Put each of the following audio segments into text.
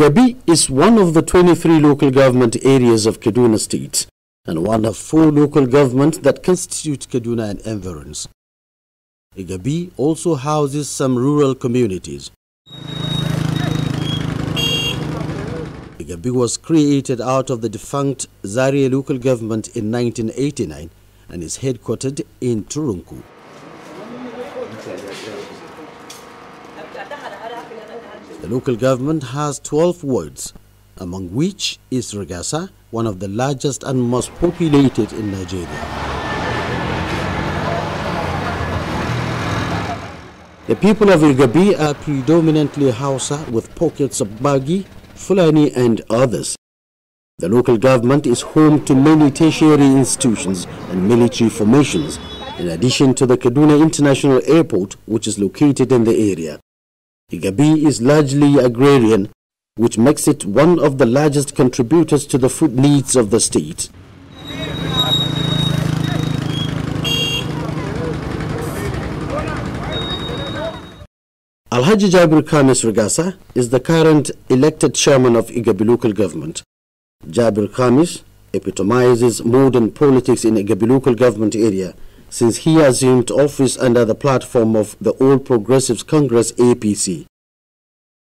Gabi is one of the 23 local government areas of Kaduna State and one of four local governments that constitute Kaduna and environs. Gabi also houses some rural communities. Gabi was created out of the defunct Zaria local government in 1989 and is headquartered in Turunku. The local government has 12 wards, among which is Regasa, one of the largest and most populated in Nigeria. The people of Igabi are predominantly Hausa with pockets of Bagi, Fulani and others. The local government is home to many tertiary institutions and military formations, in addition to the Kaduna International Airport, which is located in the area. Igabi is largely agrarian, which makes it one of the largest contributors to the food needs of the state. Alhaji Jabir Khamis Regasa is the current elected chairman of Igabi local government. Jabir Khamis epitomizes modern politics in Igabi local government area since he assumed office under the platform of the All Progressives Congress APC.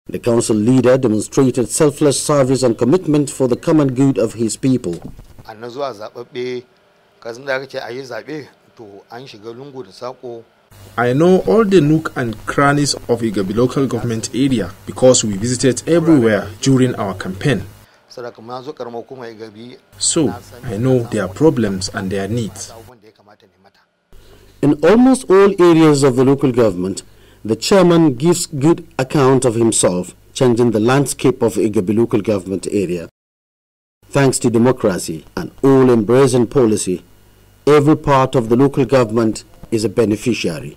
The council leader demonstrated selfless service and commitment for the common good of his people. I know all the nook and crannies of Igabi local government area because we visited everywhere during our campaign. So I know their problems and their needs. In almost all areas of the local government, the chairman gives good account of himself, changing the landscape of Igabi local government area. Thanks to democracy and all-embracing policy, every part of the local government is a beneficiary.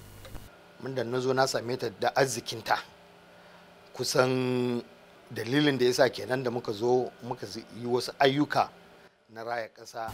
da na na same da azikinta kusan dalilin da ya sa kenan da muka zo muka yi wasu ayyuka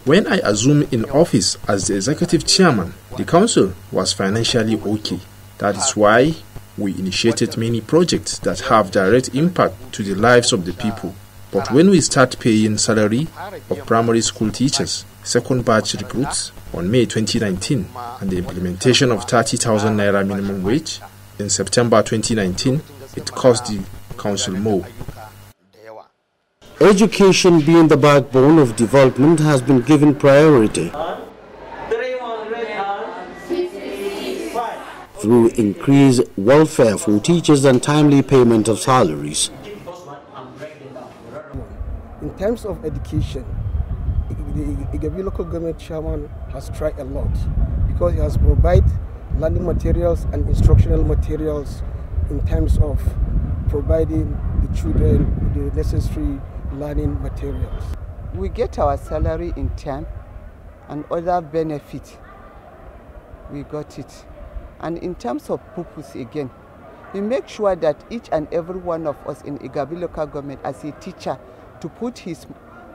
when I assumed in office as the executive chairman, the council was financially okay. That is why we initiated many projects that have direct impact to the lives of the people. But when we start paying salary of primary school teachers, second batch recruits on May 2019, and the implementation of 30,000 naira minimum wage in September 2019, it cost the council more Education being the backbone of development has been given priority through increased welfare for teachers and timely payment of salaries. In terms of education, the Igabi local government chairman has tried a lot because he has provided learning materials and instructional materials in terms of providing the children the necessary learning materials. We get our salary in time and other benefits. We got it. And in terms of purpose again, we make sure that each and every one of us in Igabi local government as a teacher to put his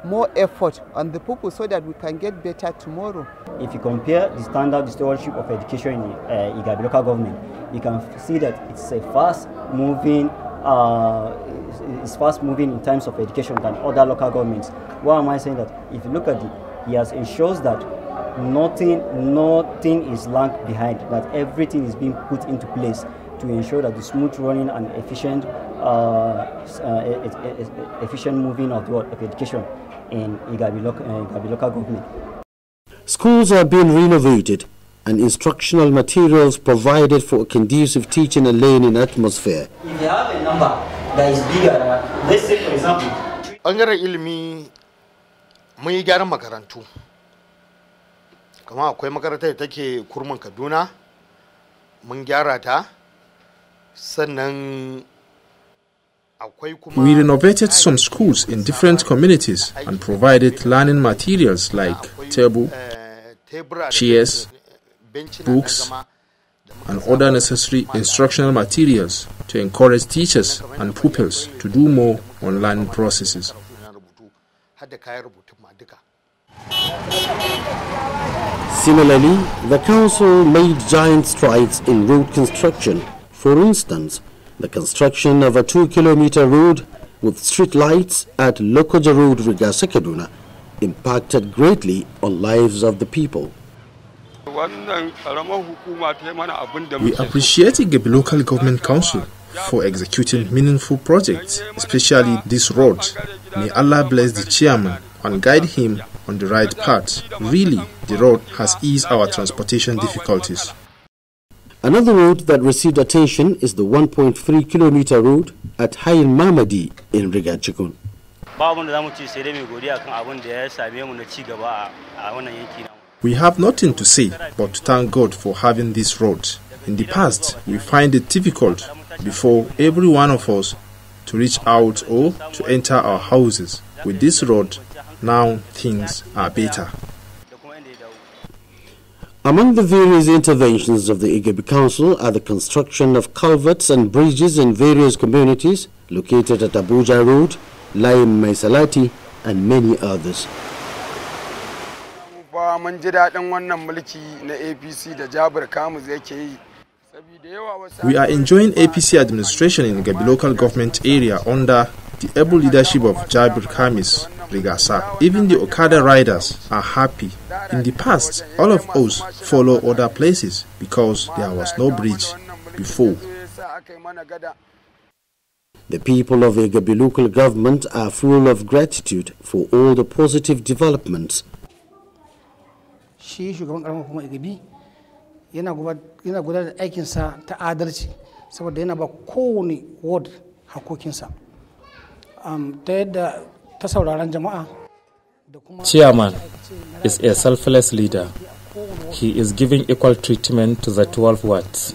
more effort on the purpose so that we can get better tomorrow. If you compare the standard stewardship of education in uh, Igabi local government, you can see that it's a fast-moving uh, is, fast moving in terms of education than other local governments. Why am I saying that? If you look at it, he has ensures that nothing, nothing is lagged behind, that everything is being put into place to ensure that the smooth running and efficient, uh, uh, efficient moving of, the, of education in Igabi, uh, Igabi local government. Schools are being renovated and instructional materials provided for a conducive teaching and learning atmosphere. If you have a number that is bigger, let's say for example. Ɓangaren ilmi, mun yi makarantu. Kama akwai makarata da take Kaduna, mun gyara we renovated some schools in different communities and provided learning materials like table, eh, chairs, books, and other necessary instructional materials to encourage teachers and pupils to do more on learning processes. Similarly, the Council made giant strides in road construction. For instance, the construction of a two-kilometer road with street lights at Lokoja Road, Riga Sekeduna, impacted greatly on lives of the people. We appreciate the local government council for executing meaningful projects, especially this road. May Allah bless the chairman and guide him on the right path. Really, the road has eased our transportation difficulties. Another road that received attention is the 1.3 kilometer road at Hayin Mamadi in Rigachikun. We have nothing to say but to thank God for having this road. In the past, we find it difficult before every one of us to reach out or to enter our houses. With this road, now things are better. Among the various interventions of the Igebi Council are the construction of culverts and bridges in various communities located at Abuja Road, Laim Maisalati, and many others fa mun ji wannan mulki na APC da Jabir yake yi. We are enjoying APC administration in Gabi local government area under the able leadership of Jabir Kamis Rigasa. Even the Okada riders are happy. In the past, all of us follow other places because there was no bridge before. The people of Gabi local government are full of gratitude for all the positive developments shi shugaban karamar hukuma igabi yana gudanar da aikinsa ta adalci saboda yana ba kowane ward harkokinsa ta yadda ta sauraron jama'a Chairman is a selfless leader. He is giving equal treatment to the 12 wards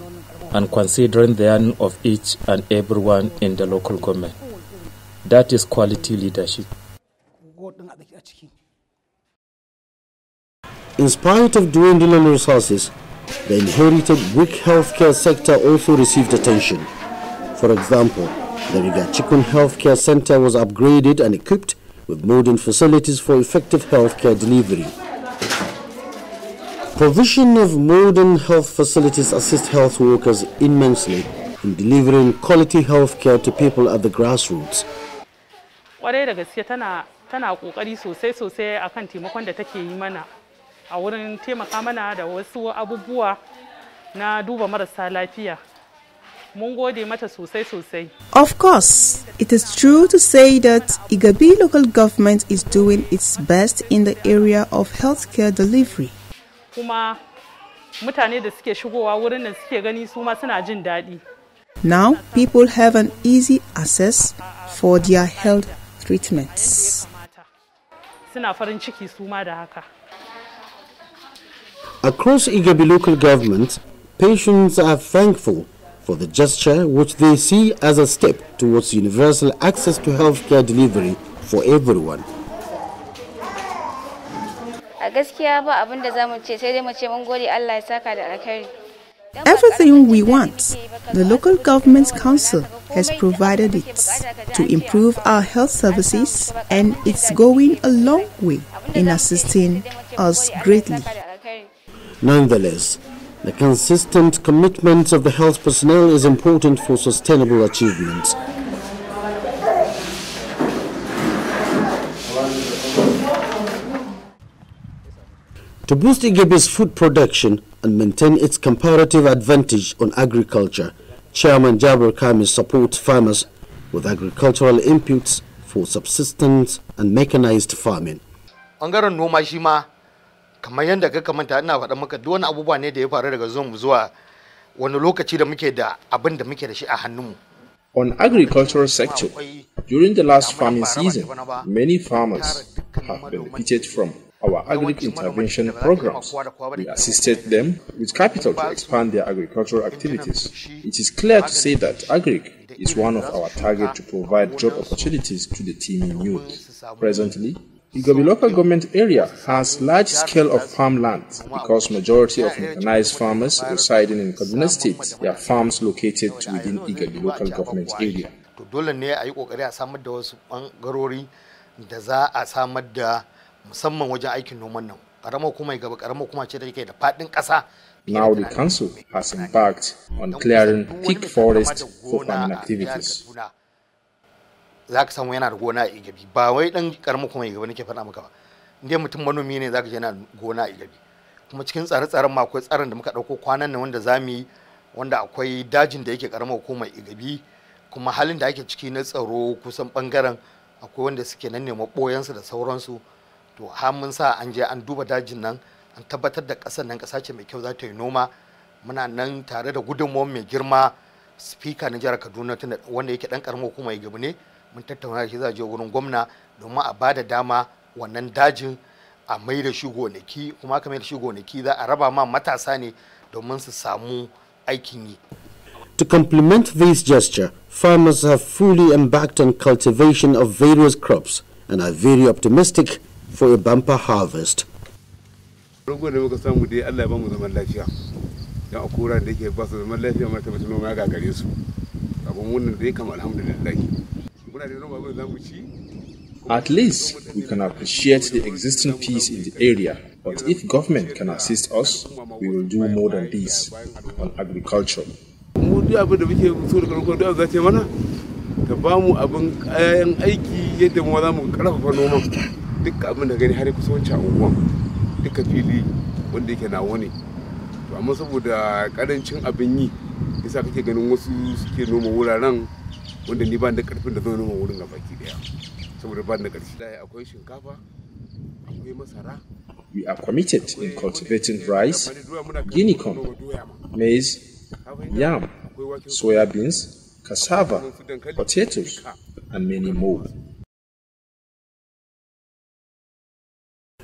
and considering the earning of each and everyone in the local government. That is quality leadership. In spite of dwindling resources, the inherited weak healthcare sector also received attention. For example, the Rigachikun Healthcare Center was upgraded and equipped with modern facilities for effective healthcare delivery. Provision of modern health facilities assists health workers immensely in delivering quality healthcare to people at the grassroots. kwarai da gaske tana tana kokari sosai sosai akan taimakon da take yi mana a wurin taimaka mana da wasu abubuwa na duba marasa lafiya mun gode mata sosai sosai. Of course, it is true to say that Igabi local government is doing its best in the area of healthcare delivery. Kuma mutane da suke shigowa wurin da suke gani su ma suna jin daɗi. Now people have an easy access for their health treatments. Suna farin ciki su ma da haka. Across Igabi local government, patients are thankful for the gesture which they see as a step towards universal access to healthcare delivery for everyone. Everything we want, the local government council has provided it to improve our health services and it's going a long way in assisting us greatly. Nonetheless, the consistent commitment of the health personnel is important for sustainable achievement. To boost Igebe's food production and maintain its comparative advantage on agriculture, Chairman Jabir Kami supports farmers with agricultural inputs for subsistence and mechanized farming kamar ina faɗa maka duk wani abubuwa ne da ya faru daga zuwa wani lokaci da muke da abin da muke da shi a hannunmu On agricultural sector, during the last farming season, many farmers have benefited from our agri intervention programs. We assisted them with capital to expand their agricultural activities. It is clear to say that agric is one of our targets to provide job opportunities to the teeming youth. Presently, Igabi local government area has large scale of farmland because majority of mechanized farmers residing in Kaduna State, their farms located within Igabi local government area. To dole ne a yi kokari a samar da wasu bangarori da za a samar da musamman wajen aikin noman nan. Karamar kuma Igabi karamar kuma ce da ke da faɗin ƙasa Now the council has embarked on clearing thick forest for farming activities. za ka samu yana da gona a igabi ba wai dan karamu kuma igabi nake faɗa maka ba inda mutum manomi ne za ka je yana gona a igabi kuma cikin tsare-tsaren ma akwai tsarin da muka ɗauko kwanan nan wanda za mu yi wanda akwai dajin da yake karamar hukumar igabi kuma halin da ake ciki na tsaro kusan bangaren akwai wanda suke nan nema ɓoyansu da sauransu to har mun sa an je an duba dajin nan an tabbatar da ƙasar nan ƙasa ce mai kyau za ta yi noma muna nan tare da gudunmuwan mai girma speaker na jihar kaduna wanda yake ɗan ƙaramin hukumar igabi ne mun tattauna da shi za je wurin gwamna domin a bada dama wannan dajin a mai da shi gonaki kuma aka mai da shi gonaki za a raba ma matasa ne domin su samu aikin yi To complement this gesture, farmers have fully embarked on cultivation of various crops and are very optimistic for a bumper harvest. Rungun da muka samu dai Allah ya bamu zaman lafiya. Dan akura da yake ba su zaman lafiya mata mutum ma ga gare su. Abun wannan dai kam alhamdulillah. At least we can appreciate the existing peace in the area, but if government can assist us, we will do more than this on agriculture. mu abin mu karfafa noma duk har kusa wancan fili wanda yake nawa ne to amma saboda karancin abin yi yasa kake ganin wasu suke noma wuraren wanda ni da karfin da zo noma wurin gaba ki daya saboda da karfi dai akwai shinkafa akwai masara we are committed in cultivating rice guinea corn maize yam soya beans cassava potatoes and many more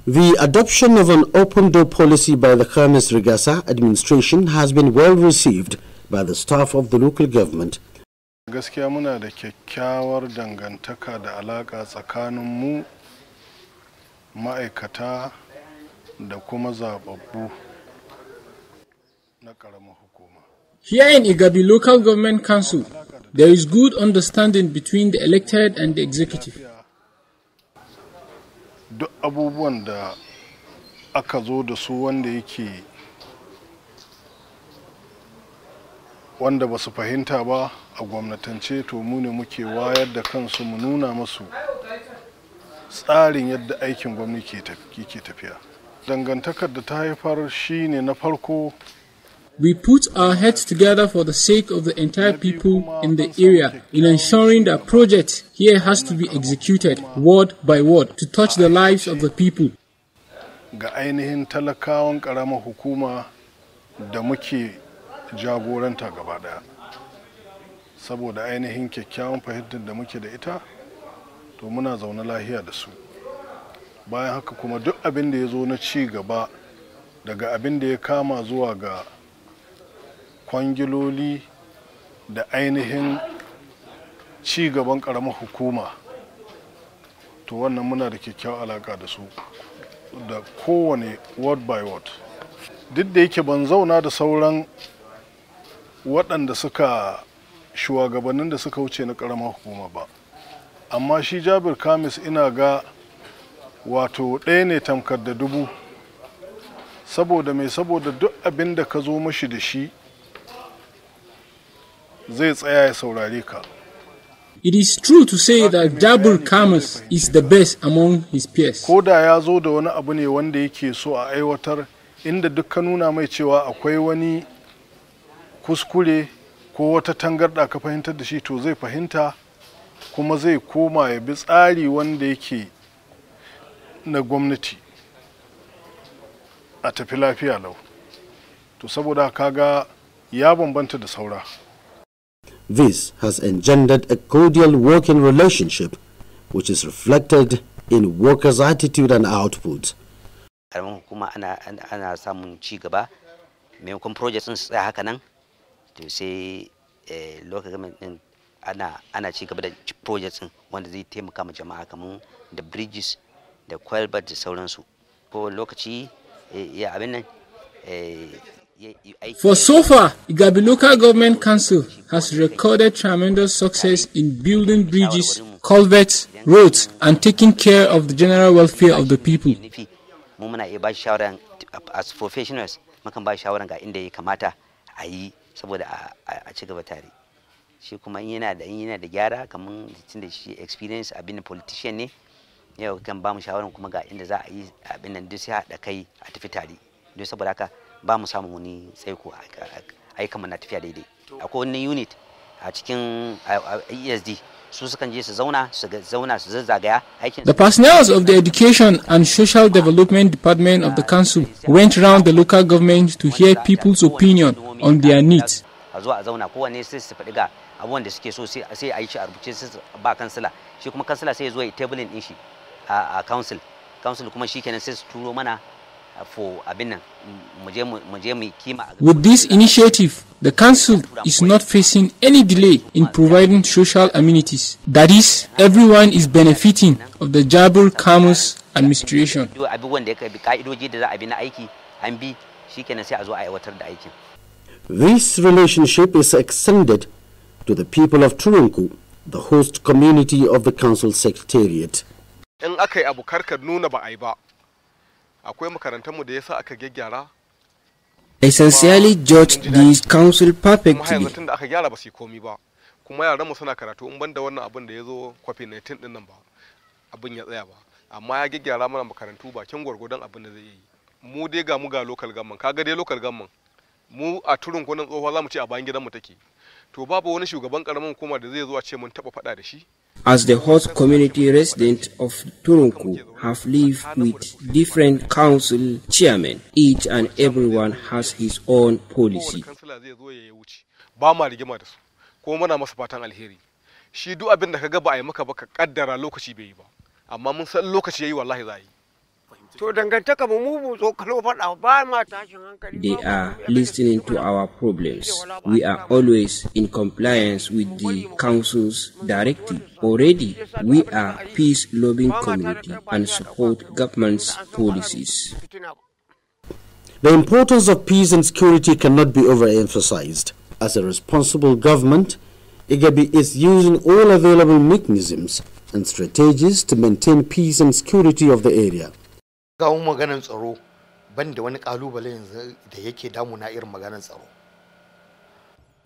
The adoption of an open door policy by the Khamis Regasa administration has been well received by the staff of the local government gaskiya muna da kyakkyawar dangantaka da alaƙa tsakanin mu ma'aikata da kuma zababbu na ƙaramar hukuma. Here in Igabi Local Government Council, there is good understanding between the elected and the executive. Duk abubuwan da aka zo da su wanda yake wanda ba su fahimta ba a gwamnatance to mu ne muke wayar da kansu mu nuna masu tsarin yadda aikin gwamnati ke tafiya dangantakar da ta haifar shi ne na farko We put our heads together for the sake of the entire people in the area in ensuring that project here has to be executed word by word to touch the lives of the people. Ga ainihin talakawan ƙaramar hukuma da muke jagoranta gaba daya saboda ainihin kyakkyawan fahimtar da muke da ita to muna zaune lahiya da su bayan haka kuma duk abin da ya zo na ci gaba daga abin da ya kama zuwa ga kwangiloli da ainihin ci gaban ƙaramar hukuma to wannan muna da kyakkyawar alaka da su da kowane word by word duk da yake ban zauna da sauran waɗanda suka shugabannin da suka wuce na ƙaramar hukuma ba amma shi jabir kamis ina ga wato ɗaya ne tamkar da dubu saboda mai saboda duk abin da ka zo mashi da shi zai tsaya ya saurare ka It is true to say that Jabir Kamas is the best among his peers. Ko da ya zo da wani abu ne wanda yake so a aiwatar inda duk nuna mai cewa akwai wani kuskure ko wata tangarɗa ka fahimtar da shi to zai fahimta kuma zai koma ya bi tsari wanda yake na gwamnati a tafi lafiya lau to saboda kaga ya bambanta da saura This has engendered a cordial working relationship which is reflected in workers' attitude and output. kuma hukuma ana samun ci gaba, maimakon projects sun tsaya haka nan to sai eh, lokacin ana ana ci gaba da projects din wanda zai taimaka ma jama'a kamar da bridges da kwalbat da sauransu ko lokaci eh, ya abin nan eh, For so far, Igabi Local Government Council has recorded tremendous success in building bridges, culverts, roads, and taking care of the general welfare of the people. saboda a ci gaba tare shi kuma in yana da in yana da gyara kamar tun da shi experience abin politician ne yau kan ba mu shawaran kuma ga inda za a yi abin nan duk sai haɗa kai a tafi tare don saboda haka ba mu samu wani tsaiko a yi kamar na tafiya daidai akwai wani unit a cikin esd su sukan je su zauna su zauna su zazzagaya aikin The personnel of the Education and Social Development Department of the Council went round the local government to hear people's opinion on their needs. a zuwa a zauna kowanne sai su faɗi ga abubuwan da suke so sai a yi shi a rubuce su ba kansila shi kuma kansila sai ya zo ya tabulin din shi a council council kuma shikenan sai su turo mana With this initiative, the council is not facing any delay in providing social amenities. That is, everyone is benefiting of the Jabal Camus administration. This relationship is extended to the people of Turunku, the host community of the council secretariat. In aka abu karkar nuna ba a yi ba, akwai makarantar mu da yasa aka gyaggyara essentially judge the council perfectly kuma yanzu da aka gyara ba su komi ba kuma yaran mu suna karatu in banda wannan abin da ya zo covid 19 din nan ba abin ya tsaya ba amma ya gyaggyara mana makarantu bakin gwargwadon abin da zai yi mu dai ga mu ga local government kaga dai local government mu a turun kunan tsohuwa za mu ce a bayan gidan mu take to babu wani shugaban karamin hukuma da zai zo a ce mun taba faɗa da shi As the host community resident of Turunku have lived with different council chairmen, each and everyone has his own policy. Ba ma rigima da su, ko muna masa fatan alheri. Shi duk abin da ka ga ba a yi maka ba ka kaddara lokaci bai yi ba, amma mun san lokaci yayi yi wallahi za yi. To dangantaka mu mu zo kalo ba ma tashin hankali. They are listening to our problems. We are always in compliance with the council's directive. Already, we are peace loving community and support government's policies. The importance of peace and security cannot be overemphasized. As a responsible government, IGABI is using all available mechanisms and strategies to maintain peace and security of the area. kawo maganar tsaro ban da wani kalubale yanzu da yake damuna irin maganar tsaro.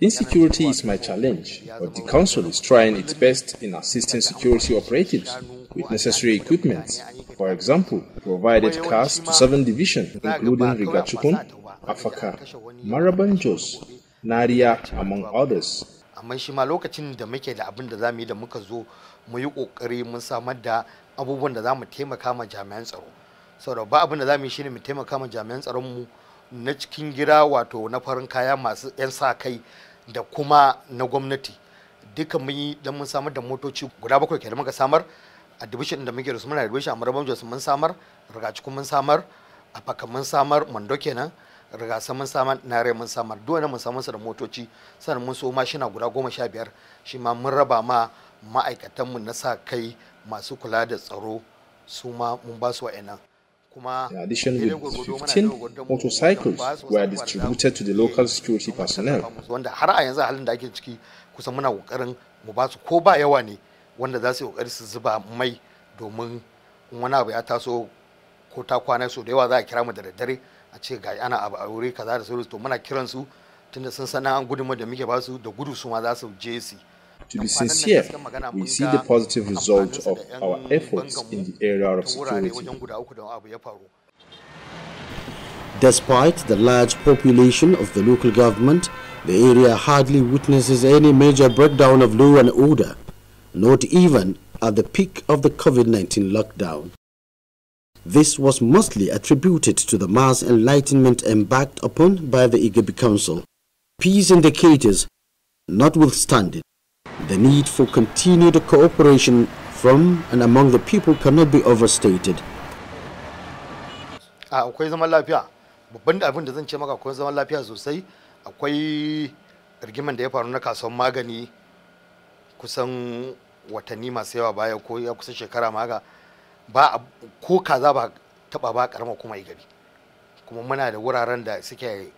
Insecurity is my challenge, but the Council is trying its best in assisting security operatives with necessary equipment. For example, provided cars to seven divisions, including Rigachukun, Afaka, Maraban Jos, Naria, among others. Amma shi ma lokacin da muke da abin da za mu yi da muka zo mu yi ƙoƙari mun samar da abubuwan da za mu taimaka ma jami'an tsaro. saboda ba abin da za mu yi shine mu taimaka ma jami'an tsaron mu na cikin gida wato na farin kaya masu 'yan sa kai da kuma na gwamnati duka mun yi don mun samar da motoci guda bakwai kenan muka samar a division da muke da su muna division a marabon jos mun samar rigaci mun samar a faka mun samar mando kenan rigasa mun samar nare mun samar duk mun samu su da motoci sannan mun so mashina guda goma sha biyar shi ma mun raba ma ma'aikatanmu na sa kai masu kula da tsaro su ma mun ba su wa'annan In addition, with 15 motorcycles were distributed to the local security personnel. Wanda har a yanzu halin da ake ciki kusan muna kokarin mu ba su ko ba yawa ne wanda za su yi kokari su zuba mai domin wani abu ya taso ko ta kwana so da yawa za a kira mu da daddare a ce ga ana abu a wuri kaza da sauransu to muna kiran su tunda sun sana an gudunmu da muke ba su da gudu su ma za su je su To be sincere, we see the positive result of our efforts in the area of security. Despite the large population of the local government, the area hardly witnesses any major breakdown of law and order, not even at the peak of the COVID-19 lockdown. This was mostly attributed to the mass enlightenment embarked upon by the Igabi Council. Peace indicators notwithstanding, The need for continued cooperation from and among the people cannot be overstated. Akwai zaman lafiya, babban abin da zan ce maka akwai zaman lafiya sosai akwai rigiman da ya faru na kasuwar magani kusan watanni masu yawa baya ko ya kusa shekara maga ba ko kaza ba taba ba karama kuma yi gari kuma muna da wuraren da suke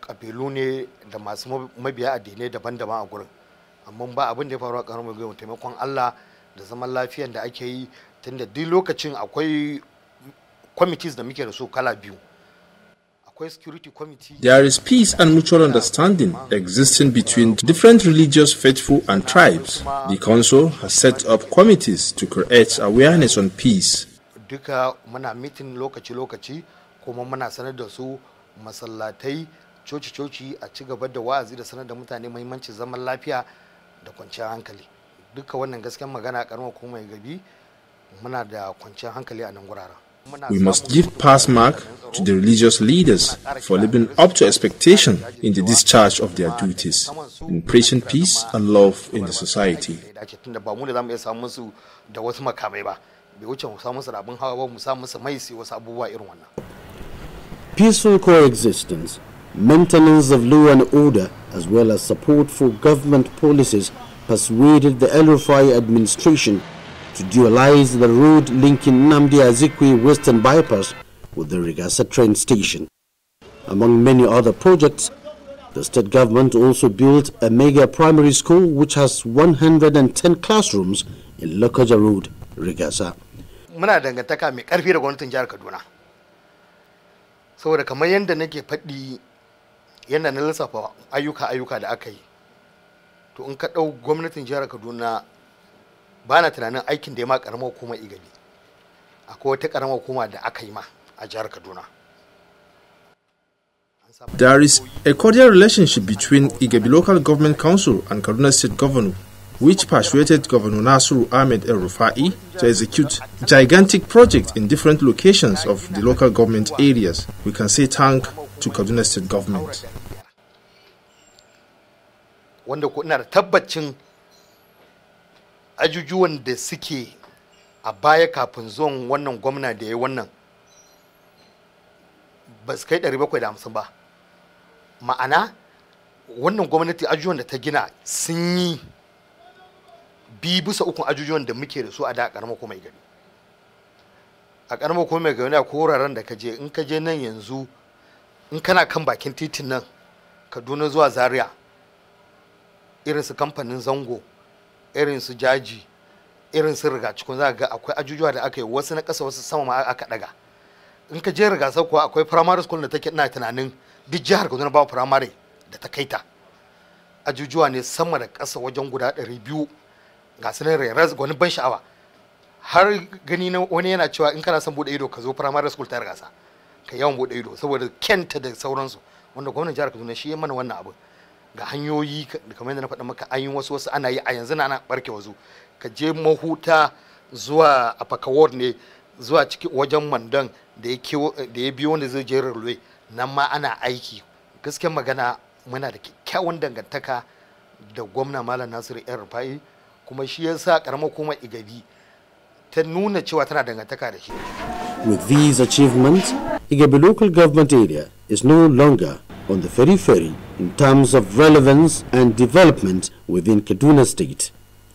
kabilu ne da masu mabiya addinai daban-daban a gurin amma ba abin da ya faru a karamar gwiwa taimakon allah da zaman lafiyan da ake yi tunda duk lokacin akwai committees da muke da su kala biyu akwai security There is peace and mutual understanding existing between different religious faithful and tribes. The council has set up committees to create awareness on peace. Duka muna mitin lokaci-lokaci kuma muna sanar da su masallatai coci-coci a ci gaba da wa'azi da sanar da mutane mahimmanci zaman lafiya da kwanciyar hankali duka wannan magana gabi muna da kwanciyar hankali a nan guraren We must give pass mark to the religious leaders for living up to expectation in the discharge of their duties, in preaching peace and love in the society. Peaceful coexistence Maintenance of law and order, as well as support for government policies, persuaded the el administration to dualize the road linking Namdi Azikwe Western Bypass with the Rigasa train station. Among many other projects, the state government also built a mega primary school which has 110 classrooms in Lokoja Road, Rigasa. Muna dangantaka mai karfi da gwamnatin jihar Kaduna. Saboda kamar yadda nake faɗi yana na lissafa ayyuka ayyuka da aka yi to in ka ɗau gwamnatin jihar kaduna ba na tunanin aikin da ya ma karamar hukuma igali akwai wata karamar hukuma da aka yi ma a jihar kaduna There is a cordial relationship between Igabi Local Government Council and Kaduna State Governor, which persuaded Governor Nasru Ahmed El Rufai to execute gigantic projects in different locations of the local government areas. We can say thank to Kaduna State government. Wanda ko ina da tabbacin ajujuwan da suke a baya kafin zuwan wannan gwamna da ya yi wannan ba su kai 750 ba ma'ana wannan gwamnati ajujuwan da ta gina sun yi bi bisa ukun ajujuwan da muke da su a da karamar kuma gari a karamar kuma mai gari a koraren da ka je in ka je nan yanzu in kana kan bakin titin nan kaduna zuwa zaria irin su kamfanin zango irin su jaji irin su riga cikin za ga akwai ajujuwa da aka yi wasu na ƙasa wasu sama ma aka daga in ka je rigasar kuwa akwai primary school da take ina tunanin duk jihar kaduna ba primary da ta kaita ajujuwa ne sama da ƙasa wajen guda ɗari biyu ga su nan wani ban sha'awa har gani na wani yana cewa in kana son bude ido ka zo primary school ta rigasa ka yawan bude ido saboda kenta da sauransu wanda gwamnan jihar Kaduna shi ya mana wannan abu ga hanyoyi kamar yadda na faɗa maka an yi wasu wasu ana yi a yanzu na ana barke wasu ka je mahuta zuwa Apaka Ward ne zuwa ciki wajen Mandan da ya biyo wanda zai je railway nan ma ana aiki gaskiyar magana muna da kyakkyawan dangantaka da gwamna malam nasiru yan rufa'i kuma shi ya sa karamar kuma igabi ta nuna cewa tana dangantaka da shi with these achievements Igabe local government area is no longer on the ferry ferry in terms of relevance and development within Kaduna state.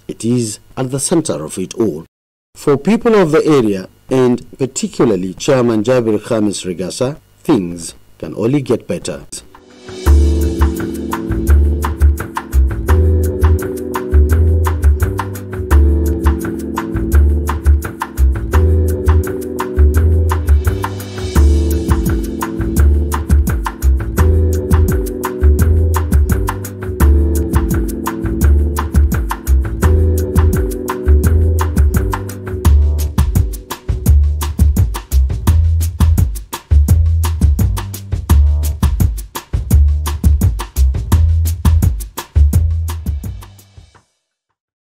It is at the center of it all. For people of the area, and particularly Chairman Jabir Khamis Regasa, things can only get better.